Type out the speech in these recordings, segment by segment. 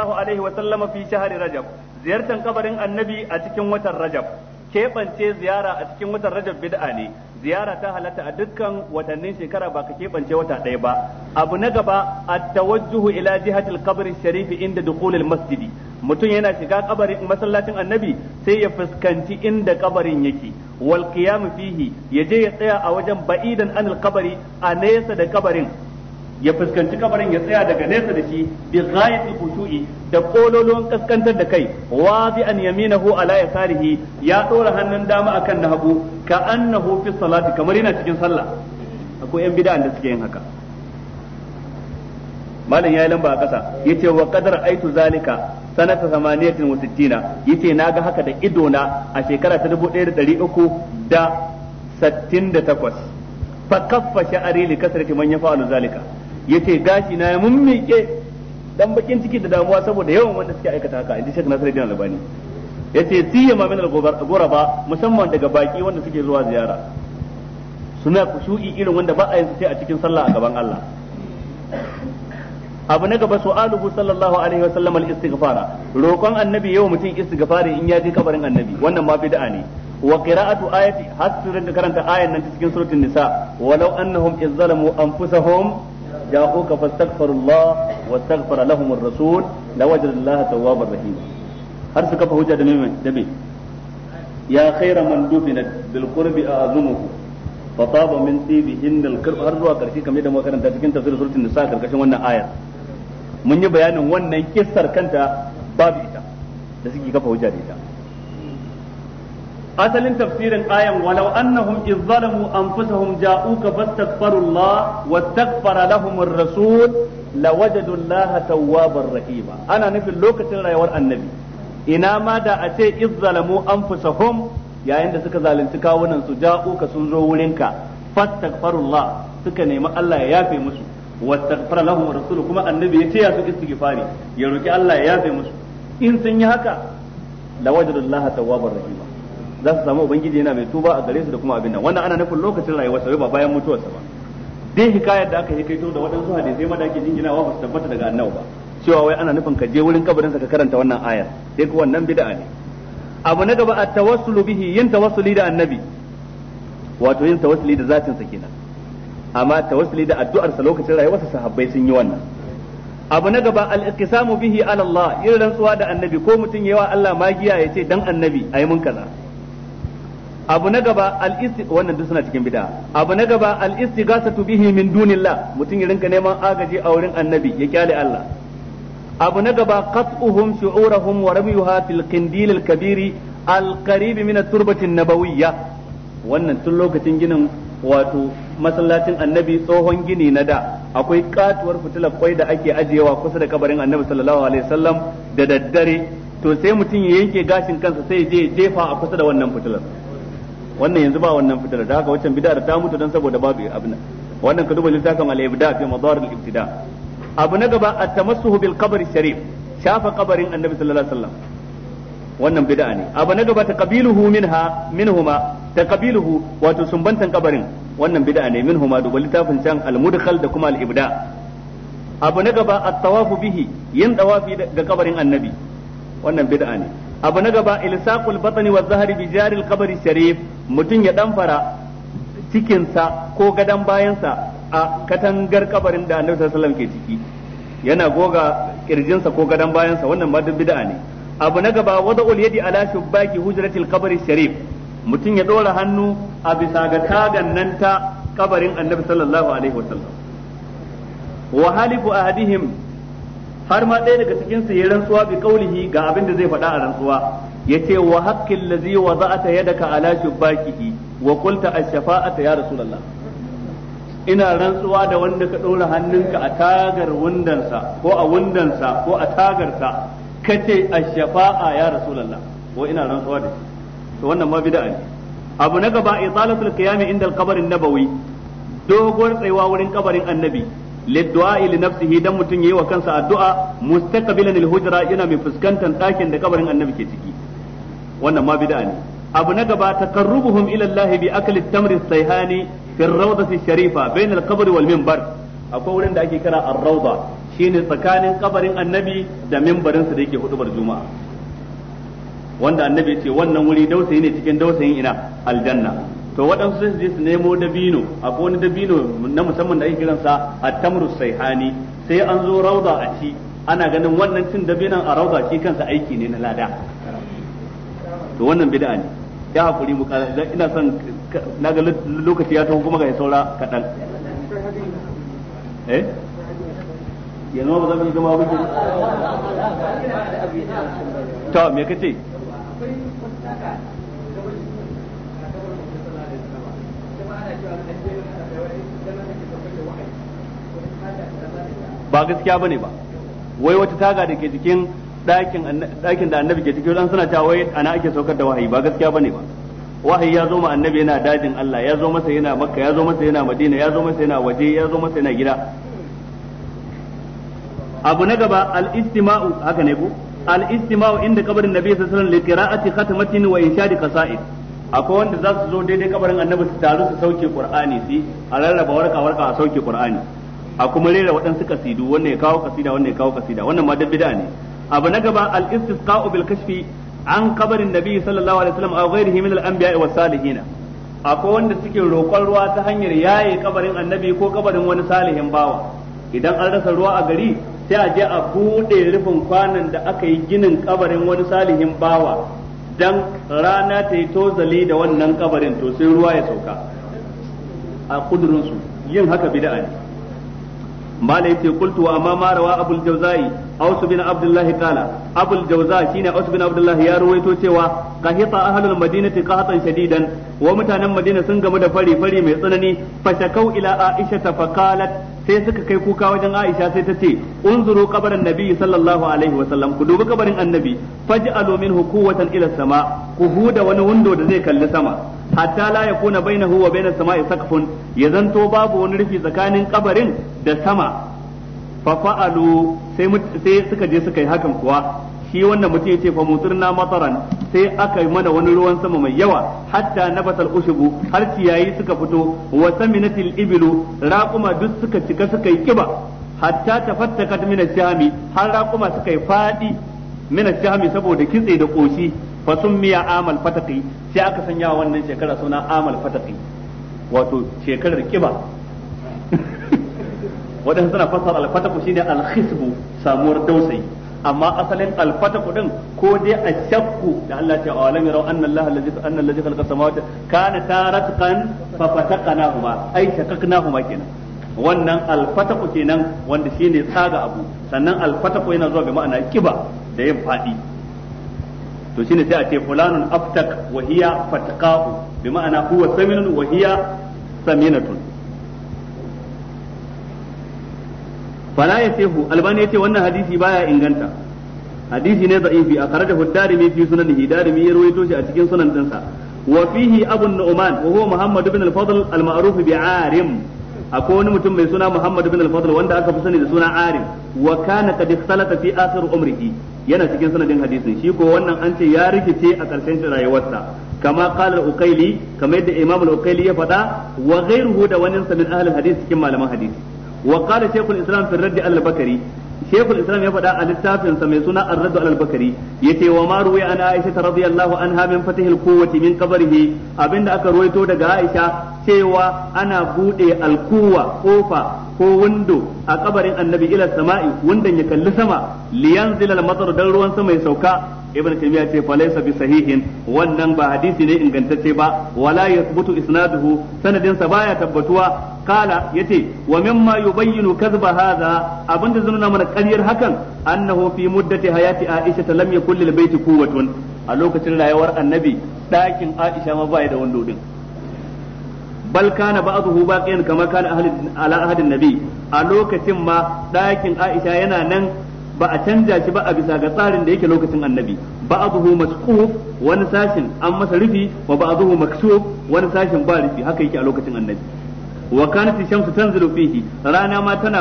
sallallahu alaihi wa sallama fi shahri rajab ziyartan kabarin annabi a cikin watan rajab keɓance ziyara a cikin watan rajab bid'a ne ziyara ta halatta a dukkan watannin shekara ba ka keɓance wata ɗaya ba abu na gaba a tawajjuhu ila jihatil qabri sharifi inda dukhulil masjidi mutum yana shiga kabarin masallacin annabi sai ya fuskanci inda kabarin yake wal qiyam fihi yaje ya tsaya a wajen ba'idan anil qabri a nesa da kabarin ya fuskanci kabarin ya tsaya daga nesa da shi bi ghayati khushu'i da kololon kaskantar da kai wazi an yaminahu ala yasarihi ya dora hannun dama akan na hagu ka annahu fi salati kamar yana cikin sallah akwai yan bid'a da suke yin haka malam yayi lamba a kasa yace wa qadar aitu zalika sanata 68 yace naga haka da ido na a shekara ta 1368 fa kaffa sha'ari li kasrati man yafa'alu zalika yace gashi na ya mummike dan bakin ciki da damuwa saboda yawan wanda suke aikata haka inji Sheikh Nasiruddin Albani yace siyama min al-ghuraba musamman daga baki wanda suke zuwa ziyara suna kushu'i irin wanda ba a yin sai a cikin sallah a gaban Allah abu na gaba su'aluhu sallallahu alaihi wasallam al-istighfara roƙon annabi yau mutum istighfari in ya je kabarin annabi wannan ma bid'a ne wa qira'atu ayati har da rinka karanta ayan nan cikin suratul nisa walau annahum izzalamu anfusahum جاءوك فاستغفروا الله واستغفر لهم الرسول لوجد الله توابا رحيما har suka fa hujja da mai da mai ya khaira man dufina bil qurbi azumuhu fa mun yi bayanin wannan kanta suke kafa ita asalin tafsirin ayan walau annahum iz zalamu anfusahum ja'uka fastaghfirullah wastaghfara lahum ar-rasul lawajadu Allah tawwabar rahima ana nufin lokacin rayuwar annabi ina ma da a ce iz zalamu anfusahum yayin da suka zalunci kawunan su ja'uka sun zo wurinka fastaghfirullah suka nemi Allah ya yafe musu wastaghfara lahum ar-rasul kuma annabi ya taya su istighfari ya roki Allah ya yafe musu in sun yi haka lawajadu Allah tawwabar rahima za su samu ubangiji yana mai tuba a gare su da kuma abin nan wannan ana nufin lokacin rayuwarsa ba bayan mutuwarsa ba dai hikayar da aka hikaito da waɗansu hadisai ma da ake jinginawa ba su tabbata daga annabi ba cewa wai ana nufin ka je wurin kabarinsa ka karanta wannan ayar sai ku wannan bid'a ne abu na gaba at-tawassulu bihi yin tawassuli da annabi wato yin tawassuli da zatin sa kenan amma tawassuli da addu'ar sa lokacin rayuwarsa sahabbai sun yi wannan abu na gaba al-iqsamu bihi ala Allah yin rantsuwa da annabi ko mutum yawa Allah magiya ya ce dan annabi ayi mun kaza abu na gaba al-isti wannan duk suna cikin bid'a abu na gaba al-istighasatu bihi min dunillah mutum ya rinka neman agaji a wurin annabi ya kyale Allah abu na gaba qat'uhum shu'urahum wa ramyuha fil qindil al-kabir al-qarib min at-turbati nabawiyya wannan tun lokacin ginin wato masallacin annabi tsohon gini na da akwai katuwar fitilar kwai da ake ajiyewa kusa da kabarin annabi sallallahu alaihi wasallam da daddare to sai mutum ya yanke gashin kansa sai je jefa a kusa da wannan fitilar wannan yanzu ba wannan fitar da haka waccan bid'a ta mutu dan saboda babu abin wannan ka duba littafin al-ibda fi madar al-ibtida abu na gaba at-tamassuhu bil qabr sharif shafa kabarin annabi sallallahu alaihi wasallam wannan bid'a ne abu na gaba taqabiluhu minha minhuma taqabiluhu wato sumbantan kabarin wannan bid'a ne minhuma duba littafin can al-mudkhal da kuma al-ibda abu na gaba at-tawafu bihi yin tawafi ga kabarin annabi wannan bid'a ne abu na gaba ilsaqul batni wa zahri bi al qabri sharif mutum ya cikin cikinsa ko gadan bayansa a katangar kabarin da annabi sallallahu alaihi ke ciki yana goga ƙirjinsa ko gadan bayansa wannan ma duk bid'a ne abu na gaba wada'ul yadi ala shubbaki hujratil qabri sharif mutum ya dora hannu a bisa ga tagan nan ta kabarin annabi sallallahu alaihi wasallam wa halifu ahadihim har ma ɗaya daga cikin su yi rantsuwa bi kaulihi ga abin da zai faɗa a rantsuwa yace wa haqqil ladzi wada'ata yadaka ala shubbakihi wa qulta ash-shafa'ata ya rasulullah ina rantsuwa da wanda ka ɗora hannunka a tagar wundansa ko a wundansa ko a tagarsa kace ash-shafa'a ya rasulullah ko ina rantsuwa da shi to wannan ma bid'a ne abu na gaba izalatul qiyam inda al-qabr an-nabawi Dogon tsayuwa wurin kabarin annabi liddu'a li nafsihi dan mutum yayi wa kansa addu'a mustaqbilan al hujara yana mai fuskantar ɗakin da kabarin annabi ke ciki wannan ma bid'a ne abu na gaba taqarrubuhum ila Allah bi akli tamri sayhani fi ar-rawdati sharifa bai al-qabr wal minbar akwai wurin da ake kira ar-rawda shine tsakanin kabarin annabi da mimbarinsa sa da yake hudubar juma'a wanda annabi ya ce wannan wuri dausayi ne cikin dausayin ina aljanna to waɗansu sai su je su nemo dabino akwai wani dabino na musamman da ake kiransa a tamru sai sai an zo rauda a ci ana ganin wannan cin dabinan a rauda shi kansa aiki ne na lada to wannan bid'a ne ya hakuri mu ina son naga lokaci ya tafi kuma ga saura kaɗan eh yanzu ba za mu yi gama ba to me kace ba gaskiya bane ba wai wata taga da ke jikin ɗakin da annabi ke cikin suna cewa wai ana ake saukar da wahayi ba gaskiya bane ba wahayi ya zo ma annabi yana dajin Allah ya zo masa yana makka ya zo masa yana madina ya zo masa yana waje ya zo masa yana gida abu na gaba al-istima'u haka ne ko al-istima'u inda kabarin nabi sallallahu alaihi wasallam liqira'ati khatamatin wa inshadi qasa'id akwai wanda za su zo daidai kabarin annabi su taru su sauke qur'ani su a rarraba warka warka a sauke qur'ani a kuma rera waɗansu kasidu wannan ya kawo kasida wannan ya kawo kasida wannan ma dabbida ne abu na gaba al istisqa'u bil kashfi an kabarin nabi sallallahu alaihi wasallam aw ghairihi min al anbiya'i was salihin akwai wanda suke roƙon ruwa ta hanyar yaye kabarin annabi ko kabarin wani salihin bawa idan an rasa ruwa a gari sai a je a bude rufin kwanan da aka yi ginin kabarin wani salihin bawa Idan rana ta yi tozali da wannan kabarin to sai ruwa ya sauka a kudurinsu yin haka bidaa ne malai ce kultu wa amma marawa abul jawzai aus bin abdullah kala abul jawza shine aus bin abdullah ya ruwaito cewa qahita ahlul madinati qahatan shadidan wa mutanen madina sun gamu da fari fari mai tsanani fashakau ila aisha fa qalat sai suka kai kuka wajen Aisha sai ta ce unzuru qabaran Nabiyyu sallallahu alaihi wa sallam ku dubi kabarin annabi faj'alu minhu quwwatan ila sama ku huda wani wundo da zai kalli sama hatta la yakuna bainahu wa bainas sama'i saqfun ya zanto babu wani rufi tsakanin kabarin da sama fa fa'alu sai suka je suka yi hakan kuwa shi wannan mutum ce fa mutirna mataran sai aka yi mana wani ruwan sama mai yawa hatta nabatal ushubu har ciyayi suka fito wa saminatil ibilu raquma duk suka cika suka yi kiba hatta tafattakat min ash-shami har raquma suka yi fadi min ash-shami saboda kitse da koshi fa miya amal fataqi sai aka sanya wannan shekara suna amal fataqi wato shekarar kiba wadansu suna fasal al-fataqu shine al-khisbu samuwar dausayi amma asalin alfata kudin ko dai a shakku da Allah ce a walam yarau anna Allah allazi anna allazi khalaqa samawati kana taratqan fa fataqnahuma ai shaqaqnahuma kenan wannan alfataku kenan wanda shine tsaga abu sannan alfataku yana zuwa ga ma'ana kiba da yin faɗi to shine sai a ce fulanun aftak wa hiya fataqahu bi ma'ana huwa saminun wa hiya saminatun fala yasihu albani yace wannan hadisi baya inganta hadisi ne da'ifi akhrajahu ad-darimi fi sunanihi darimi ya rawaito shi a cikin sunan dinsa wa fihi abu nu'man wa huwa muhammad ibn al-fadl al-ma'ruf bi arim akwai wani mutum mai suna muhammad ibn al-fadl wanda aka fi sani da suna arim wa kana qad ikhtalata fi akhir umrihi yana cikin sanadin hadisin shi ko wannan an ce ya rikice a ƙarshen rayuwarsa kama qala al-uqayli kamar yadda imam al-uqayli ya faɗa wa ghayruhu da wani min ahli hadisi cikin malaman hadisi wa da shaykhul islam fi radd al-bakari shaykhul islam ya faɗa a littafin sa mai suna ar-radd al-bakari yace wa ma ruwi an aisha radhiyallahu anha min fatihil quwwati min qabrihi abinda aka ruwaito daga aisha cewa ana bude al-quwwa kofa ko wando a kabarin annabi ila sama'i wanda ya kalli sama liyanzila al-matar dan ruwansa mai sauka ibn taymiya ce fa laysa bi sahihin wannan ba hadisi ne ingantacce ba wala yathbutu isnaduhu sanadin sa baya tabbatuwa kala yace wa mimma yubayyinu kadhba hadha abinda zan mana ƙaryar hakan annahu fi muddati hayati aisha lam yakul lil baiti quwwatun a lokacin rayuwar annabi ɗakin aisha ma baya da wando bal kana ba'dahu baqiyan kama kana ahli ala ahadin nabi a lokacin ma ɗakin aisha yana nan ba a canja shi ba a bisa ga tsarin da yake lokacin annabi ba a zuhu masquf wani sashin an masa rufi ba a zuhu maksuf wani sashin ba rufi haka yake a lokacin annabi wa kana kanat shamsu tanzilu fihi rana ma tana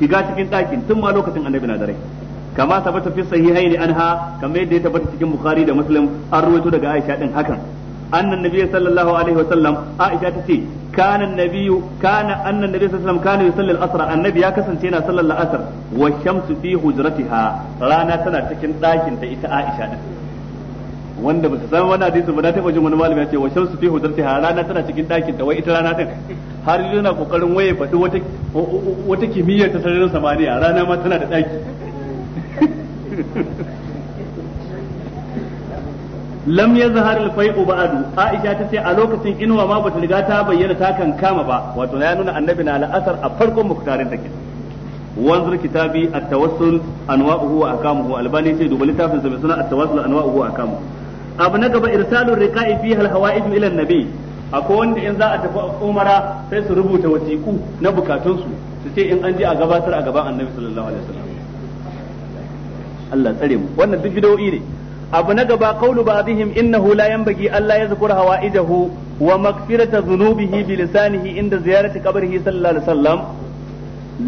shiga cikin ɗakin tun ma lokacin annabi na dare kama tabbata fi sahihaini anha kamar yadda ya tabbata cikin bukhari da muslim an ruwaito daga aisha ɗin hakan annan nabiyyi sallallahu alaihi wa sallam aisha tace kana annabiyyu kana anna nabiy sallallahu alaihi wasallam kana yusalli al-asr annabi ya kasance yana sallar al-asr wa shamsu fi hujratiha rana tana cikin ita Aisha wanda ba su san wani hadisi ba na taba jin wani malami ya ce wa shamsu fi ha rana tana cikin ɗakin ta wai ita rana ta har yana kokarin waye faɗi wata kimiyyar ta sararin samaniya rana ma tana da daki lam yazhar al fai'u ba'du aisha ta ce a lokacin inuwa ma bata riga ta bayyana ta kan kama ba wato ya nuna annabi na al'asar a farkon muktarin take wanzur kitabi at-tawassul anwa'uhu wa akamuhu albani ce duba littafin sa mai suna at-tawassul anwa'uhu wa akamuhu abu na gaba irsalur riqa'i fi al-hawa'ij ila an-nabi akwai wanda in za a tafi umara sai su rubuta wasiku na bukatunsu su ce in an ji a gabatar a gaban annabi sallallahu alaihi wasallam Allah tsare mu wannan duk bidowi ne abu na gaba qawlu ba'dihim innahu la yanbaghi alla yadhkura hawaijahu wa maghfirata dhunubihi bi lisanihi inda ziyarati qabrihi sallallahu alaihi wasallam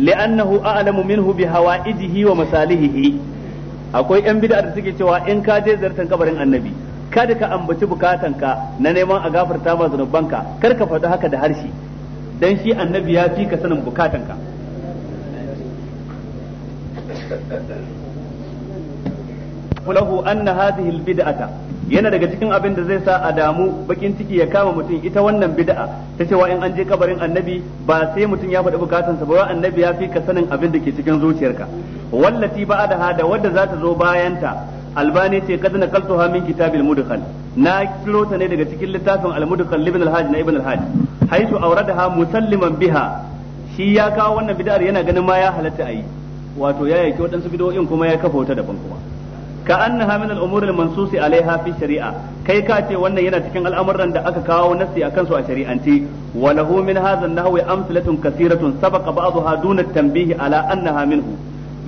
li'annahu a'lamu minhu bi hawaijihi wa masalihihi akwai yan bid'a da suke cewa in ka je ziyartar kabarin annabi kada ka ambaci bukatanka na neman a gafarta ma zanubanka kar ka faɗi haka da harshe dan shi annabi ya fi ka sanin bukatanka lahu anna hadhihi albid'ata yana daga cikin abin da zai sa a damu bakin ciki ya kama mutum ita wannan bid'a ta cewa in an je kabarin annabi ba sai mutum ya faɗi bukatansa ba annabi ya fi ka sanin abin da ke cikin zuciyarka wallati ba da hada wadda za ta zo bayanta albani ce kad naqaltuha min kitabil mudkhal na kiro ta ne daga cikin littafin al-mudkhal ibn al-hajj na ibn al-hajj haitu awradaha musalliman biha shi ya kawo wannan bid'ar yana ganin ma ya halatta ayi wato ya yake wadansu bid'o'in kuma ya kafa wata daban kuma ka annaha min al-umur al-mansus alaiha fi shari'a kai ka ce wannan yana cikin al'amuran da aka kawo nasi akan su a shari'anci wa lahu min hadha an-nahwi amsalatun kathiratun sabaqa ba'daha duna tanbihi ala annaha minhu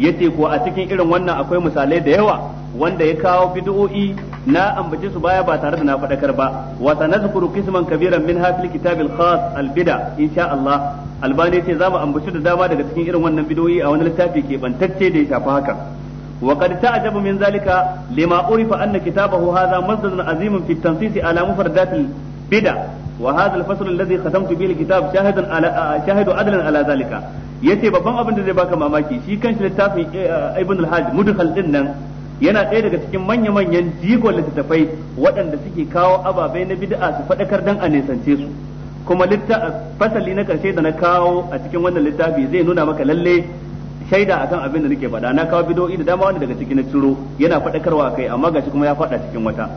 yace ko a cikin irin wannan akwai misalai da yawa wanda ya kawo bid'o'i na ambace su baya ba tare da na fadakar ba wa sanadhkuru qisman kabiran min hafil kitab al-khas al-bid'a insha Allah albani ce za mu ambaci da dama daga cikin irin wannan bid'o'i a wani littafi ke bantacce da ya shafi haka وقد تعجب من ذلك لما عرف أن كتابه هذا مصدر عظيم في التنصيص على مفردات البدع وهذا الفصل الذي ختمت به الكتاب شاهد على شاهد عدلا على ذلك yace babban abin da zai baka mamaki shi kanshi littafin ibn al-hajj mudkhal din nan yana ɗaya daga cikin manya-manyan jigon littattafai waɗanda suke kawo ababai na bid'a su faɗakar dan a nisance su kuma fasali na karshe da na kawo a cikin wannan littafi zai nuna maka lalle shaida akan abin da nake faɗa na kawo bidoyi da dama wani daga ciki na ciro yana faɗakarwa kai amma gashi kuma ya faɗa cikin wata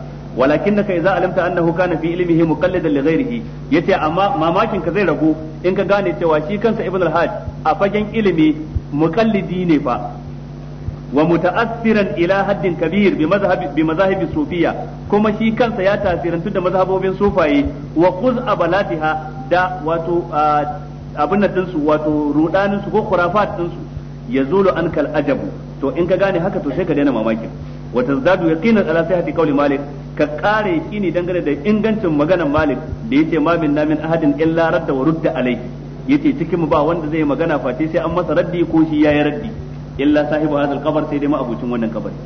za a limta annahu kana fi ilmihi muqallidan li ghayrihi yace amma mamakin ka zai ragu in ka gane cewa shi kansa ibn al-hajj a fagen ilimi muqallidi ne fa wa muta'assiran ila haddin kabir bi mazhabi bi mazahibi kuma shi kansa ya tasirantu da mazhabobin sufaye wa quz abalatiha da wato ah, abin nan wato rudanin su ko khurafat din su ya yazulu ankal ajabu to in ka gane haka to sai ka daina mamakin wa tazdadu yaqinan ala sihhati qawli malik ka kare kini dangane da ingancin maganar malik da yace ma min min ahadin illa radda wa rudda alayhi yace cikin ba wanda zai magana face sai an masa raddi ko shi yayi raddi illa sahibu hadal qabr sai dai ma abucin wannan kabari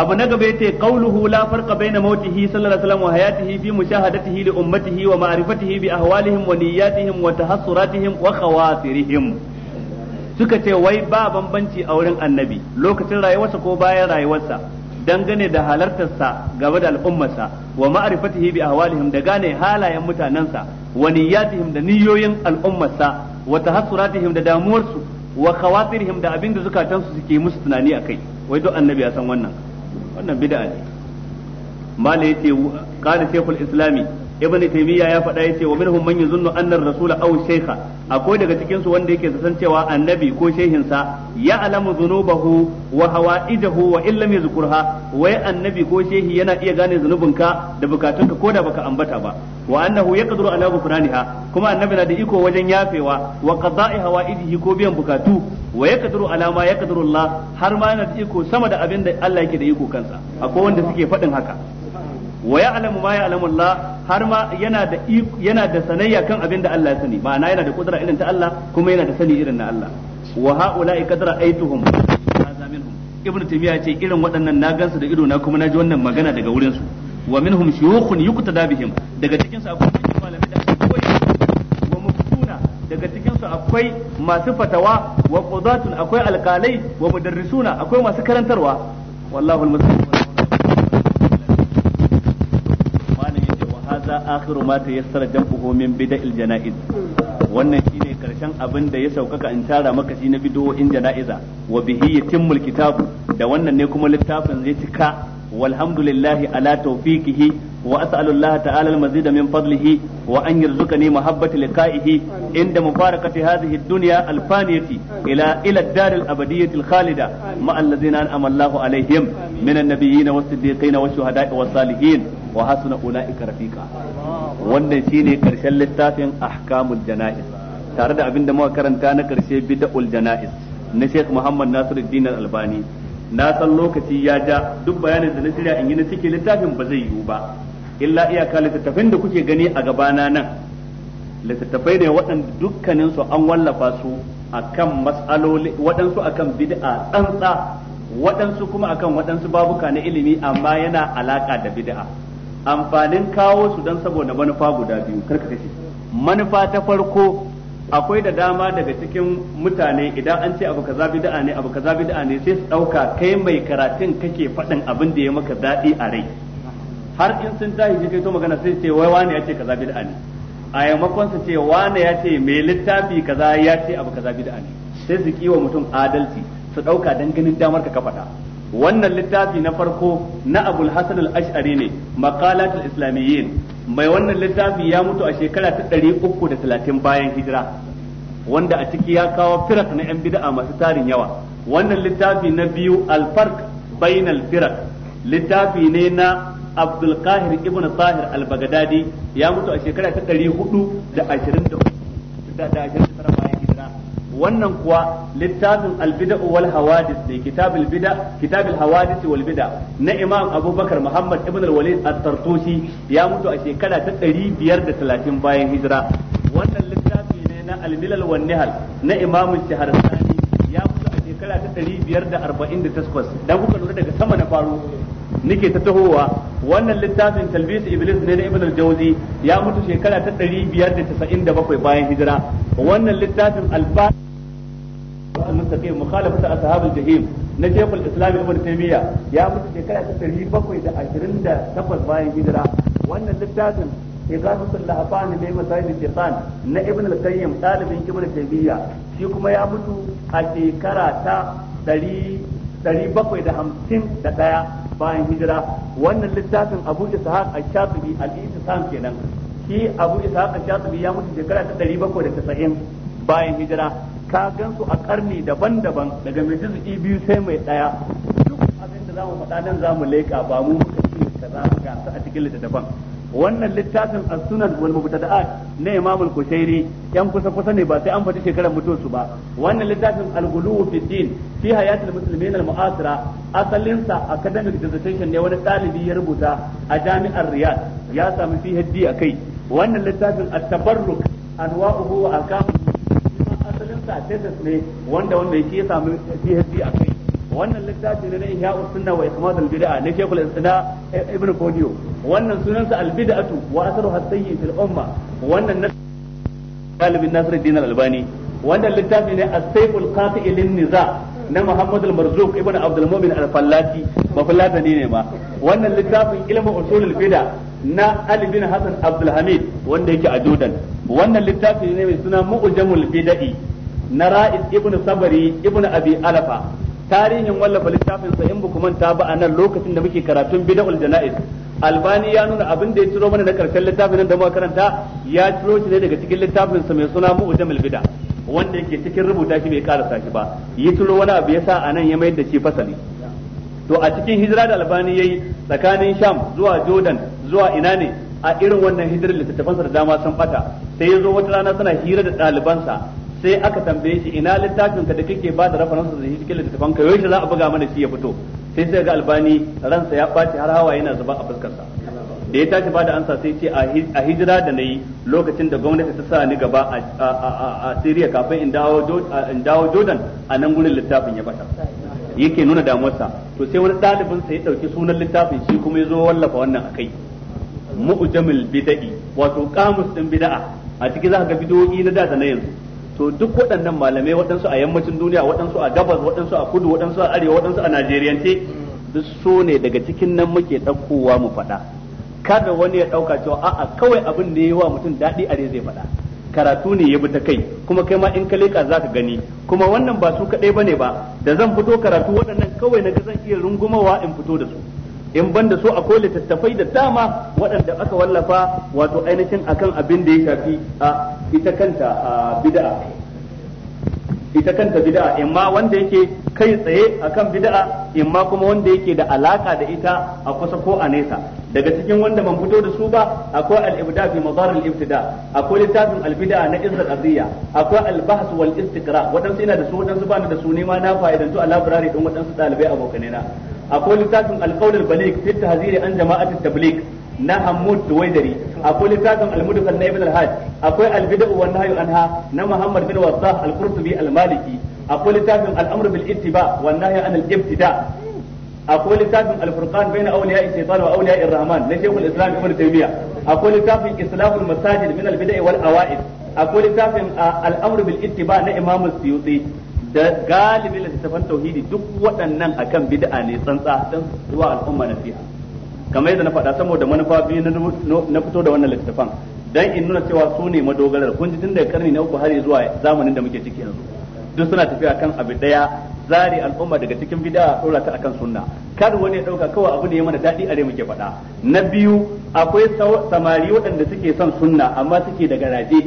abu na gaba yace qawluhu la farqa baina mautihi sallallahu alaihi wasallam wa hayatihi fi mushahadatihi li ummatihi wa ma'rifatihi bi ahwalihim wa niyyatihim wa tahassuratihim wa khawatirihim suka ce wai ba bambanci a wurin annabi lokacin rayuwarsa ko bayan rayuwarsa dangane da halartarsa game da al'ummarsa wa ma'rifatihi bi ahwalihim da gane halayen mutanensa wa niyyatihim da niyoyin al'ummarsa wa tahassuratihim da damuwarsu wa khawatirihim da abinda zukatansu suke musu tunani akai wai duk annabi ya san wannan wannan bid'a ne mala yace qala shaykhul islami ibn taymiya ya faɗa yace wa minhum man yuzunnu anna ar-rasula aw shaykha akwai daga cikin su wanda yake zaton cewa annabi ko shehin sa ya alamu dhunubahu wa hawaijahu wa illam yadhkurha wai annabi ko shehi yana iya gane zanubinka da bukatunka ko da baka ambata ba wa annahu yaqdiru ala ghufraniha kuma annabi na da iko wajen yafewa wa qada'i hawaijihi ko biyan bukatu wa yaqdiru ala ma yaqdiru Allah har ma yana da iko sama da abin da Allah yake da iko kansa akwai wanda suke faɗin haka wa ya'lamu ma ya'lamu Allah har ma yana da yana da sanayya kan abin da Allah ya sani ma'ana yana da kudura irin ta Allah kuma yana da sani irin na Allah wa haula'i kadra aituhum minhum ibnu taymiya ce irin waɗannan na gansu da ido na kuma naji wannan magana daga wurin su wa minhum shuyukhun yuqtada bihim daga cikin su akwai malamai da akwai wa mufuna daga cikin su akwai masu fatawa wa qudatun akwai alqalai wa mudarrisuna akwai masu karantarwa wallahu almusta'an hadha akhiru ma tayassara jam'uhu min bida'il janaiz wannan shine karshen abin da ya saukaka in tara maka shi na in janaiza wa bihi yatimul kitabu da wannan ne kuma littafin zai cika walhamdulillahi ala tawfiqihi wa as'alu Allah ta'ala al-mazid min fadlihi wa an yarzuqani mahabbata liqa'ihi inda mubarakati hadhihi ad-dunya al-faniyati ila ila ad-dar al-abadiyyah al-khalida ma'a alladhina an'ama Allahu alaihim min an-nabiyyin was-siddiqin wash-shuhada'i was-salihin wa hasuna ulaika rafiqa wannan shine karshen littafin ahkamul janais tare da abinda muka karanta na karshe bid'ul janais na Sheikh Muhammad Nasiruddin Al-Albani na san lokaci ya ja duk bayanin da na shirya in yi na cike littafin ba zai yiwu ba illa iyaka littattafan da kuke gani a gabana nan littattafai ne waɗanda dukkanin su an wallafa su akan mas'aloli waɗansu akan bid'a tsantsa waɗansu kuma akan waɗansu babuka na ilimi amma yana alaka da bid'a amfanin kawo su don saboda manufa guda biyu karka kashe manufa ta farko akwai da dama daga cikin mutane idan an ce abu kaza bid'a ne abu kaza bid'a ne sai su dauka kai mai karatun kake faɗin abin da ya maka daɗi a rai har in sun tashi shi kai to magana sai ce wai wani ya ce kaza bid'a ne a yamakon su ce wani ya ce mai littafi kaza ya ce abu kaza bid'a ne sai su kiwa mutum adalci su dauka dan ganin damar ka kafa ta wannan littafi na farko na abul hasan al-ash'ari ne makalatar islamiyyin mai wannan littafi ya mutu a shekara ta 330 bayan hijira wanda a ciki ya kawo firak na yan bid'a masu tarin yawa wannan littafi na biyu al-farq bainal firak littafi ne na abdul qahir ibn tahir al-bagdadi ya mutu a shekara ta 423 wannan kuwa littafin albida'u wal hawadis ne kitabul bida kitabul hawadis wal bida na imam abubakar muhammad ibn al-walid at-tartusi ya mutu a shekara ta 530 bayan hijira wannan littafi ne na Almilal milal wan nihal na imam shahrastani ya mutu a shekara ta 548 dan kuka lura daga sama na faro nake ta tahowa wannan littafin talbis iblis ne na ibn al-jawzi ya mutu shekara ta 597 bayan hijira wannan littafin al alfa siratal mustaqim mukhalafata ashabil jahim na shekul islam ibn taymiya ya mutu shekara ta 728 bayan hijira wannan littafin igafatul lahfan da masajid shaytan na ibn al-qayyim dalibin ibn taymiya shi kuma ya mutu a shekara ta 751 bayan hijira wannan littafin abu ishaq al-shatibi al-ittisam kenan shi abu ishaq al-shatibi ya mutu shekara ta 790 bayan hijira ka gan su a karni daban-daban daga mai juz'i biyu sai mai daya duk abin da zamu faɗa nan zamu leka ba mu muka ce kaza ga su a cikin littattafan wannan littafin as-sunan wal mubtada'at na Imam al-Kushairi yan kusa kusa ne ba sai an faɗi shekarar mutuwar su ba wannan littafin al-ghuluw fi din fi hayat al-muslimin al-mu'asira asalin sa academic dissertation ne wani ɗalibi ya rubuta a jami'ar Riyadh ya samu PhD a kai wannan littafin at-tabarruk anwa'uhu wa akamuhu sa thesis ne wanda wanda yake ya samu PhD a kai wannan littafi ne na Ihya Sunna wa Iqamatu al-Bid'a na Sheikhul Islam eh, Ibn Qodiyo wannan sunansa al-bid'atu wa asaru hasayyi fil umma wannan na Talibin Nasiruddin al-Albani wannan littafi ne as-sayful qati'i lin-niza na Muhammad al-Marzuq ibn Abdul Mumin al-Fallati mafallata ne ma wannan littafin ilmu usulul bid'a na Ali bin Hassan Abdul Hamid wanda yake a Jordan wannan littafi ne mai suna Mu'jamul Bid'i na Ra'is ibn Sabari ibn Abi Alafa tarihin wallafa littafin sa in buku manta ba a nan lokacin da muke karatun bid'ul janaiz albani ya nuna abin da ya ciro mana na karshen littafin da muka karanta ya ciro shi ne daga cikin littafin sa mai suna mu'jamul bid'a wanda yake cikin rubuta shi bai karasa shi ba yi ciro wani abu yasa a nan ya mayar da shi fasali to a cikin hijira da albani yayi tsakanin sham zuwa jordan zuwa ina ne a irin wannan hijirar littattafansa da dama sun bata sai ya zo wata rana suna hira da ɗalibansa sai aka tambaye shi ina littafin ka da kake ba da reference da shi kila littafin ka yaushe za a buga mana shi ya fito sai sai ga albani ransa ya ɓaci har hawa yana zuba a fuskar sa da ya tashi ba da ansa sai ce a hijira da nayi yi lokacin da gwamnati ta sa ni gaba a syria kafin in dawo Jordan a nan gurin littafin ya bata yake nuna damuwarsa to sai wani ɗalibin sa ya ɗauki sunan littafin shi kuma ya zo wallafa wannan akai mu'jamil bida'i wato kamus din bida'a a ciki za ka ga bidoyi na da da na yanzu to duk waɗannan malamai waɗansu a yammacin duniya waɗansu a gabas waɗansu a kudu waɗansu a arewa waɗansu a najeriyance duk so ne daga cikin nan muke ɗaukowa mu faɗa kada wani ya ɗauka cewa a'a kawai abin da ya yi wa mutum daɗi a zai faɗa karatu ne ya bi ta kai kuma kai ma in ka leƙa za ka gani kuma wannan ba su kaɗai ba ne ba da zan fito karatu waɗannan kawai na ga zan iya rungumawa in fito da su in banda su akwai tattafai da dama waɗanda aka wallafa wato ainihin akan abin da ya shafi a ita kanta bid'a ita kanta bid'a imma wanda yake kai tsaye akan bid'a imma kuma wanda yake da alaka da ita a kusa ko a nesa daga cikin wanda ban fito da su ba akwai al-ibda fi madar al-ibtida akwai littafin al-bid'a na izzat aziyya akwai al-bahs wal istiqra wadansu ina da su wadansu ba da su ne ma na fa'idantu a library din wadansu dalibai abokanai na akwai littafin alqaulul balik fi tahziri an jama'at tabligh na Hammud Duwaidari akwai littafin al-Mudkal na Ibn al akwai al-Bid'u wa Nahyu anha na Muhammad bin Wassah al-Qurtubi al-Maliki akwai littafin al-Amr bil Ittiba wa Nahyu an al-Ibtida akwai littafin al-Furqan bayna awliya shaytan wa awliya ar-Rahman na Shaykhul Islam Ibn Taymiyyah akwai littafin Islahul Masajid min al-Bid'ah wal Awa'id akwai littafin uh, al-Amr bil Ittiba na Imam Suyuti da galibin littattafan tauhidi duk waɗannan akan bid'a ne tsantsa don zuwa al'umma na nasiha kamar yadda na faɗa saboda manufa biyu na fito da wannan littattafan dan in nuna cewa su ne madogarar kun ji tun daga karni na uku har zuwa zamanin da muke ciki yanzu duk suna tafiya kan abu daya zari al'umma daga cikin bid'a dora ta akan sunna kar wani ya dauka kawai abu ne ya mana dadi are muke faɗa na biyu akwai samari waɗanda suke son sunna amma suke da garaje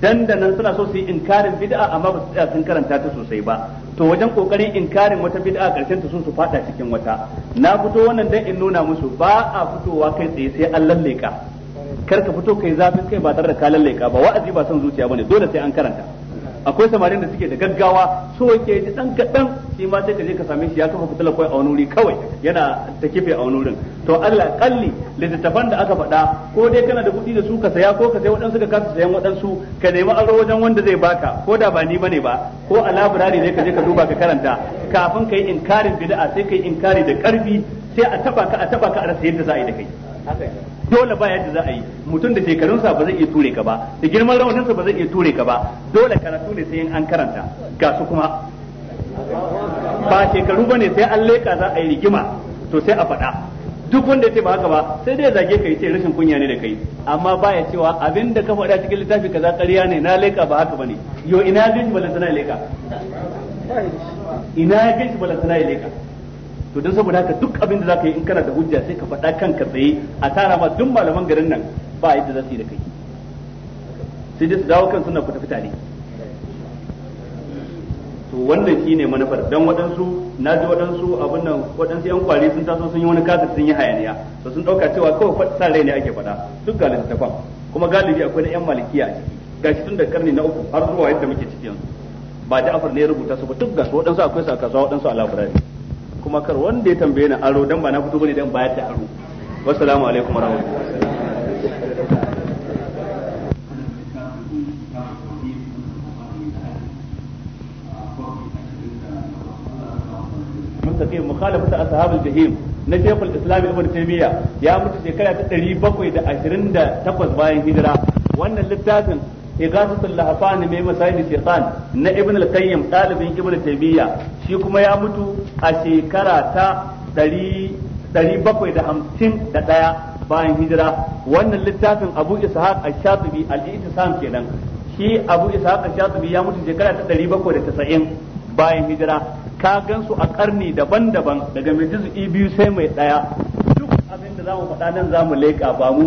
dandanan suna so su yi inkarin bid'a amma ba su tsaya sun karanta ta sosai ba to wajen kokarin inkarin wata bid'a karshen ta sun su fada cikin wata na fito wannan dan in nuna musu ba a fitowa kai tsaye sai an lalleka kar ka fito kai zafin kai ba tare da ka lalleka ba wa'azi ba san zuciya bane dole sai an karanta akwai samarin da suke da gaggawa so ke ji dan kadan shi ma sai ka je ka same shi ya kafa fitila koi a wani wuri kawai yana ta kife a wani wurin to Allah kalli littattafan da aka faɗa ko dai kana da kuɗi da su ka saya ko ka sai waɗansu ka kasa sayan waɗansu ka nemi aro wajen wanda zai baka ko da ba ni bane ba ko a labirari ne ka je ka duba ka karanta kafin ka yi inkarin bid'a sai ka yi inkari da karfi sai a taba ka a taba ka a rasa yadda za a yi da kai dole ba yadda za a yi mutum da shekarunsa ba zai iya ture ka ba da girman rawaninsa ba zai iya ture ka ba dole karatu ne sai an karanta ga su kuma ba shekaru ba ne sai an leka za a yi rigima to sai a faɗa duk wanda ya ce ba haka ba sai dai zage ka ce rashin kunya ne da kai amma baya cewa abin da ka faɗa cikin littafi kaza ƙarya ne na leka ba haka bane yo ina gaji balantana leka ina gaji balantana leka to don saboda haka duk abin da zaka yi in kana da hujja sai ka faɗa kanka tsaye a tara ma duk malaman garin nan ba yadda za su yi da kai sai dai su dawo kan suna fita fita ne to wannan shine manufar dan waɗansu na ji waɗansu abin nan waɗansu yan kwari sun taso sun yi wani kasa sun yi hayaniya to sun ɗauka cewa kawai sa rai ne ake faɗa duk ga littattafan kuma galibi akwai na yan malikiya a ciki gashi tun da karni na uku har zuwa yadda muke ciki yanzu ba Ja'far ne ya rubuta su ba duk ga su waɗansu akwai su a kasuwa waɗansu a labarari kuma kar wanda ya tambaye ni aro dan ba na fito bane dan bayar ta aro wassalamu alaikum wa warahmatullahi mustaqim mukhalafata ashabul jahim na shekul islam ibn taymiya ya mutu shekara ta 728 bayan hijira wannan littafin igasatul lahfan mai masail shaytan na ibn al-qayyim dalibin ibn taymiya shi kuma ya mutu a shekara ta ɗaya bayan hijira wannan littafin abu ishaq ash-shatibi al-i'tisam kenan shi abu ishaq ash-shatibi ya mutu shekara ta tasa'in bayan hijira ka gansu a karni daban-daban daga mai juz'i biyu sai mai ɗaya duk abin da zamu faɗa nan zamu leƙa ba mu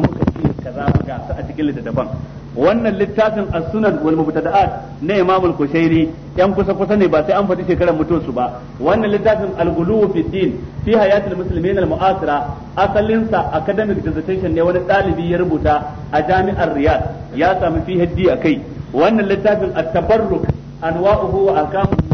kaza ga su a cikin littattafan wannan littafin as-sunan wal mubtada'at na imam al-kushairi yan kusa kusa ne ba sai an faɗi shekaran mutuwar su ba wannan littafin al-ghuluw fi din fi hayatil muslimin al-mu'asira asalin sa academic dissertation ne wani dalibi ya rubuta a jami'ar riyadh ya samu PhD a kai wannan littafin at-tabarruk anwa'uhu wa ahkamuhu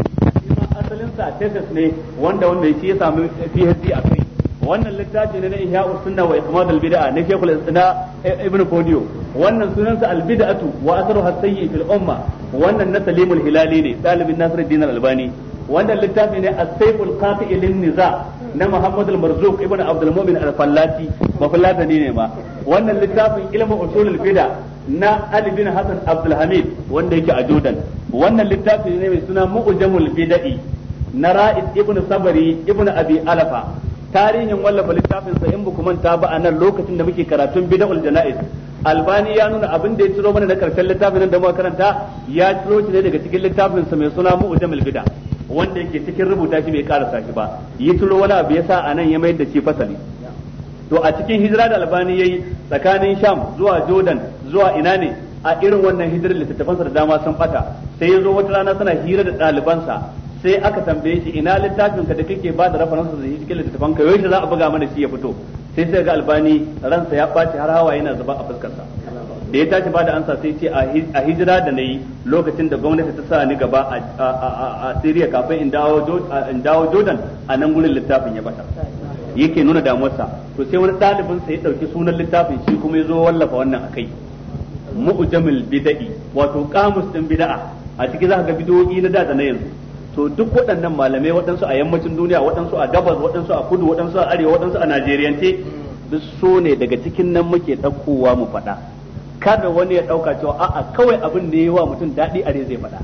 asalin sa thesis ne wanda wanda shi ya samu PhD a kai wannan littafi ne na ihya sunna wa al bid'a na shekul isna eh, ibn fodiyo wannan sunansa al bid'atu wa asaru hasayyi fil umma wannan na salimul hilali ne dalibin nasiruddin al albani wannan littafi ne as-sayful qati'il niza na muhammad al marzuq ibn abd al mu'min al fallati ba ne ba wannan littafin ilmu usul al bid'a na ali bin hasan abdul hamid wanda yake a jordan wannan littafi ne mai suna mu'jamul bid'i na ra'id ibn sabari ibn abi alafa tarihin wallafa littafin sa in ba manta ba a nan lokacin da muke karatun bid'ul janaiz albani ya nuna abin da ya ciro mana na karshen littafin nan da muka karanta ya ciro shi ne daga cikin littafin sa mai suna mu'jamul bid'a wanda yake cikin rubuta shi bai karasa shi ba ya ciro wani abu yasa a nan ya mayar da shi fasali to a cikin hijira da albani yayi tsakanin sham zuwa jordan zuwa ina ne a irin wannan hijirar littattafansa da dama sun fata sai ya zo wata rana suna hira da ɗalibansa sai aka tambaye shi ina littafin ka da kake ba da reference da cikin littafin ka yau za a buga mana shi ya fito sai sai ga albani ransa ya ɓaci har hawa yana zuba a fuskarsa da ya tashi ba da ansa sai ce a hijira da na yi lokacin da gwamnati ta sa ni gaba a siriya kafin in dawo Jordan a nan gurin littafin ya bata yake nuna damuwarsa to sai wani ɗalibin sa ya ɗauki sunan littafin shi kuma ya zo wallafa wannan a kai mu'jamil bida'i wato kamus din bida'a a ciki za ka ga bidoyi na da da na yanzu to duk waɗannan malamai waɗansu a yammacin duniya waɗansu a gabas waɗansu a kudu waɗansu a arewa waɗansu a najeriyance duk so ne daga cikin nan muke ɗaukowa mu faɗa kada wani ya ɗauka cewa a'a kawai abin da ya yi wa mutum daɗi a zai faɗa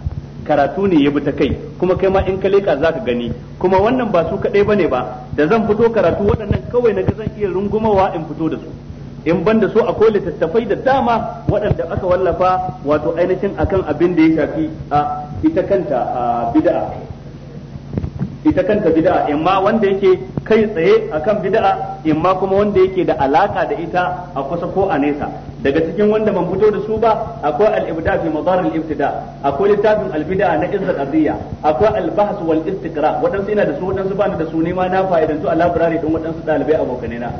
karatu ne ya bi ta kai kuma kai ma in ka leƙa za ka gani kuma wannan ba su kaɗai ba ne ba da zan fito karatu waɗannan kawai na ga zan iya rungumawa in fito da su in ban da su akwai littattafai da dama waɗanda aka wallafa wato ainihin akan abin da ya shafi a ita kanta a bid'a ita kanta bid'a imma wanda yake kai tsaye akan bid'a imma kuma wanda yake da alaka da ita a kusa ko a nesa daga cikin wanda ban fito da su ba akwai al-ibda fi madar al-ibtida akwai littafin al-bid'a na izzat adiyya akwai al-bahs wal istiqra wadansu ina da su wadansu ba da su ne ma na fa'idantu a library din wadansu dalibai abokanai na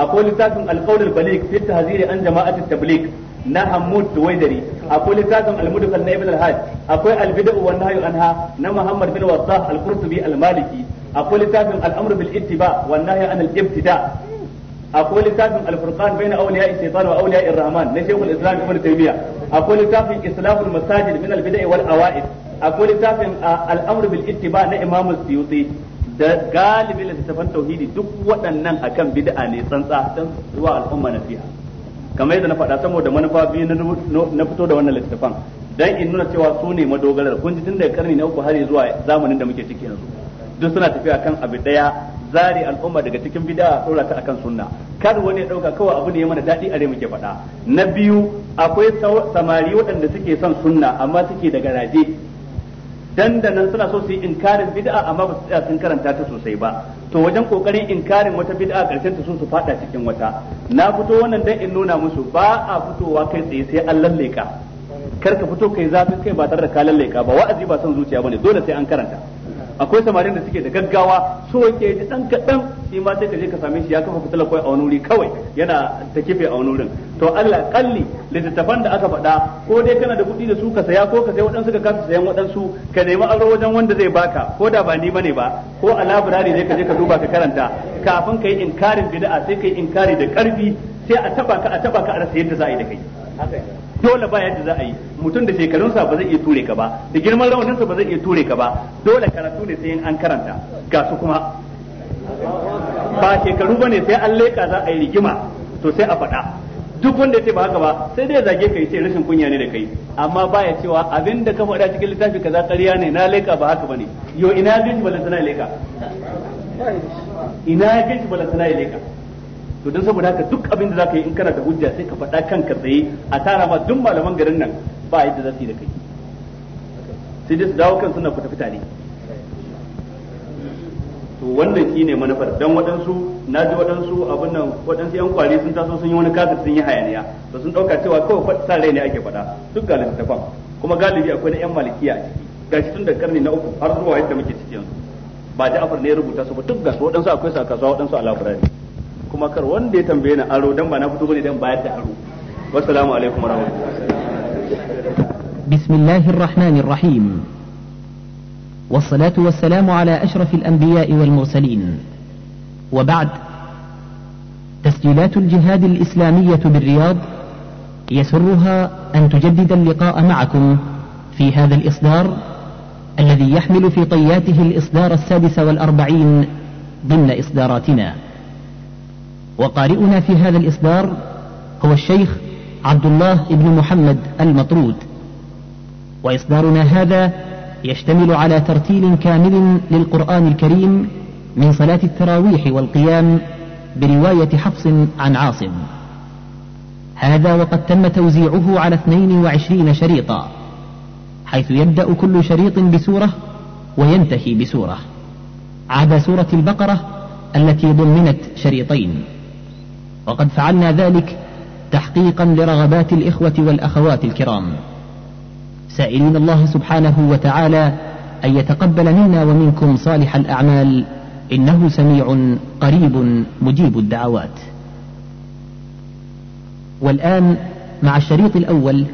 akwai littafin alqaulul balik fi tahziri an jama'at tabligh na Hammud Tuwaidari akwai littafin al na Ibn al akwai al wa Nahyu anha na Muhammad bin Wassah al almaliki al-Maliki akwai littafin al-Amr bil Ittiba wa Nahyu an al-Ibtida akwai littafin al bayna awliya shaytan wa awliya ar-Rahman na Shaykhul Islam Ibn Taymiyyah akwai littafin Islahul Masajid min al-Bid'ah wal Awa'id akwai littafin ah, al-Amr bil Ittiba na Imam Suyuti da galibin littattafan tauhidi duk waɗannan akan bid'a ne tsantsa don zuwa al'umma na nasiha kamar yadda na faɗa saboda manufa biyu na fito da wannan littattafan dan in nuna cewa su ne madogarar kun ji tun daga karni na uku har zuwa zamanin da muke ciki yanzu duk suna tafiya kan abu daya zare al'umma daga cikin bid'a dora ta akan sunna kar wani ya dauka kawai abu ne ya mana dadi are muke faɗa na biyu akwai samari waɗanda suke son sunna amma suke da garaje dandanan suna so su yi inkarin bid'a amma ba su tsaya sun karanta ta sosai ba to wajen kokarin inkarin wata bid'a karshen ta sun su fada cikin wata na fito wannan dan in nuna musu ba a fitowa kai tsaye sai an lalleka kar ka fito kai zafin kai ba tare da ka lalleka ba wa'azi ba son zuciya bane dole sai an karanta akwai samarin da suke da gaggawa so ke ji dan kadan shi ma sai ka je ka same shi ya kafa fitala koi a wani wuri kawai yana ta kife a wani wurin to Allah kalli littattafan da aka faɗa ko dai kana da kuɗi da su ka saya ko ka sai waɗansu ka kasa sayan waɗansu ka nemi aro wajen wanda zai baka ko da ba ni bane ba ko a labirari ne ka je ka duba ka karanta kafin ka yi inkarin bid'a sai ka yi inkari da karfi sai a taba ka a taba ka a rasa yadda za a yi da kai dole ba yadda za a yi mutum da shekarunsa ba zai iya ture ka ba da girman sa ba zai iya ture ka ba dole karatu ne sai an karanta ga su kuma ba shekaru ba ne sai an leka za a yi rigima to sai a faɗa duk wanda ya ce ba haka ba sai dai zage kai ce rashin kunya ne da kai amma ba ya cewa abin da ka faɗa cikin littafi kaza ƙarya ne na leka ba haka bane yo ina gaji balantana leka? ina gaji balantana leka? to dan saboda haka duk abin da zaka yi in kana da hujja sai ka faɗa kanka tsaye a tara ma duk malaman garin nan ba yadda za su yi da kai sai dai su dawo kan suna fita fita ne to wannan ne manufar dan waɗansu na ji waɗansu abin nan waɗansu yan kwari sun taso sun yi wani kasa sun yi hayaniya to sun ɗauka cewa kawai sa rai ne ake faɗa duk ga littattafan kuma galibi akwai na yan malikiya a ciki gashi tun da karni na uku har zuwa yadda muke ciki yanzu ba ja'afar ne ya rubuta su ba duk ga waɗansu akwai su kasuwa waɗansu a laburari kuma kar wanda ya tambaye ni aro dan ba na fito bane dan bayar da aro wassalamu alaikum warahmatullahi بسم الله الرحمن الرحيم والصلاة والسلام على أشرف الأنبياء والمرسلين وبعد تسجيلات الجهاد الإسلامية بالرياض يسرها أن تجدد اللقاء معكم في هذا الإصدار الذي يحمل في طياته الإصدار السادس والأربعين ضمن إصداراتنا وقارئنا في هذا الإصدار هو الشيخ عبد الله بن محمد المطرود وإصدارنا هذا يشتمل على ترتيل كامل للقرآن الكريم من صلاة التراويح والقيام برواية حفص عن عاصم هذا وقد تم توزيعه على 22 شريطا حيث يبدأ كل شريط بسورة وينتهي بسورة عدا سورة البقرة التي ضمنت شريطين وقد فعلنا ذلك تحقيقا لرغبات الإخوة والأخوات الكرام سائلين الله سبحانه وتعالى أن يتقبل منا ومنكم صالح الأعمال إنه سميع قريب مجيب الدعوات والآن مع الشريط الأول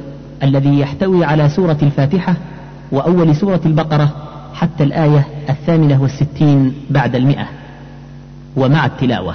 الذي يحتوي على سورة الفاتحة وأول سورة البقرة حتى الآية الثامنة والستين بعد المئة ومع التلاوة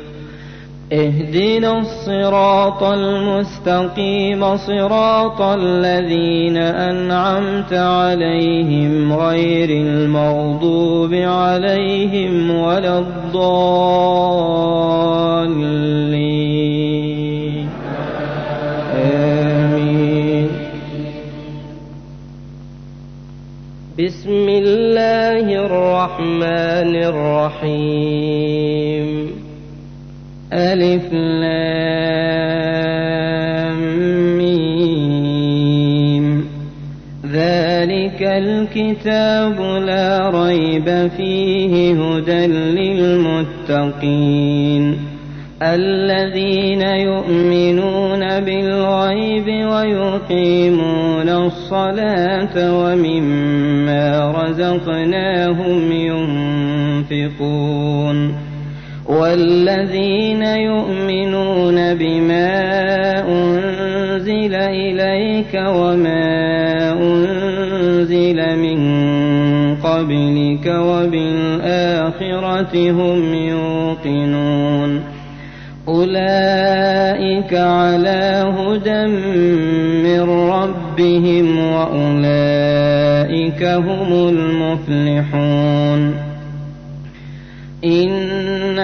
اهدنا الصراط المستقيم صراط الذين أنعمت عليهم غير المغضوب عليهم ولا الضالين آمين بسم الله الرحمن الرحيم ألف لام ذلك الكتاب لا ريب فيه هدى للمتقين الذين يؤمنون بالغيب ويقيمون الصلاة ومما رزقناهم ينفقون والذين يؤمنون بما أنزل إليك وما أنزل من قبلك وبالآخرة هم يوقنون أولئك على هدى من ربهم وأولئك هم المفلحون إن